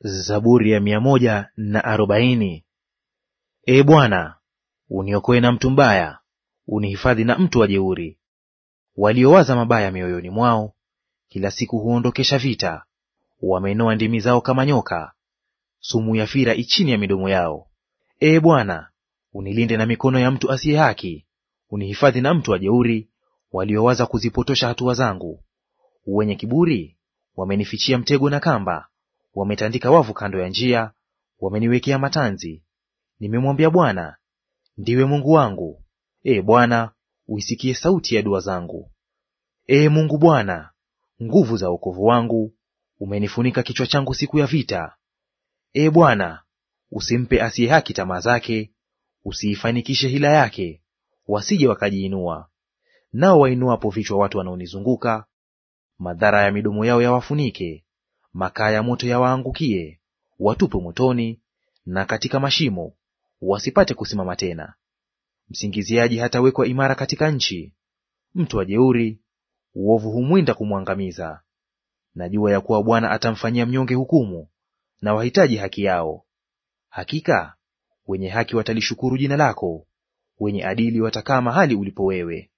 Zaburi ya mia moja na arobaini. E Bwana, uniokoe na mtu mbaya, unihifadhi na mtu wajeuri. Waliowaza mabaya mioyoni mwao, kila siku huondokesha vita. Wamenoa ndimi zao kama nyoka, sumu ya fira ichini ya midomo yao. e Bwana, unilinde na mikono ya mtu asiye haki, unihifadhi na mtu wajeuri, waliowaza kuzipotosha hatua zangu. Wenye kiburi wamenifichia mtego na kamba wametandika wavu kando ya njia, wameniwekea matanzi. Nimemwambia Bwana, ndiwe Mungu wangu; e Bwana, uisikie sauti ya dua zangu. e Mungu Bwana, nguvu za wokovu wangu, umenifunika kichwa changu siku ya vita. e Bwana, usimpe asiye haki tamaa zake, usiifanikishe hila yake, wasije wakajiinua. Nao wainuapo vichwa watu wanaonizunguka, madhara ya midomo yao yawafunike makaa ya moto yawaangukie, watupwe motoni na katika mashimo, wasipate kusimama tena. Msingiziaji hatawekwa imara katika nchi, mtu wa jeuri uovu humwinda kumwangamiza. Najua ya kuwa Bwana atamfanyia mnyonge hukumu, na wahitaji haki yao. Hakika wenye haki watalishukuru jina lako, wenye adili watakaa mahali ulipo wewe.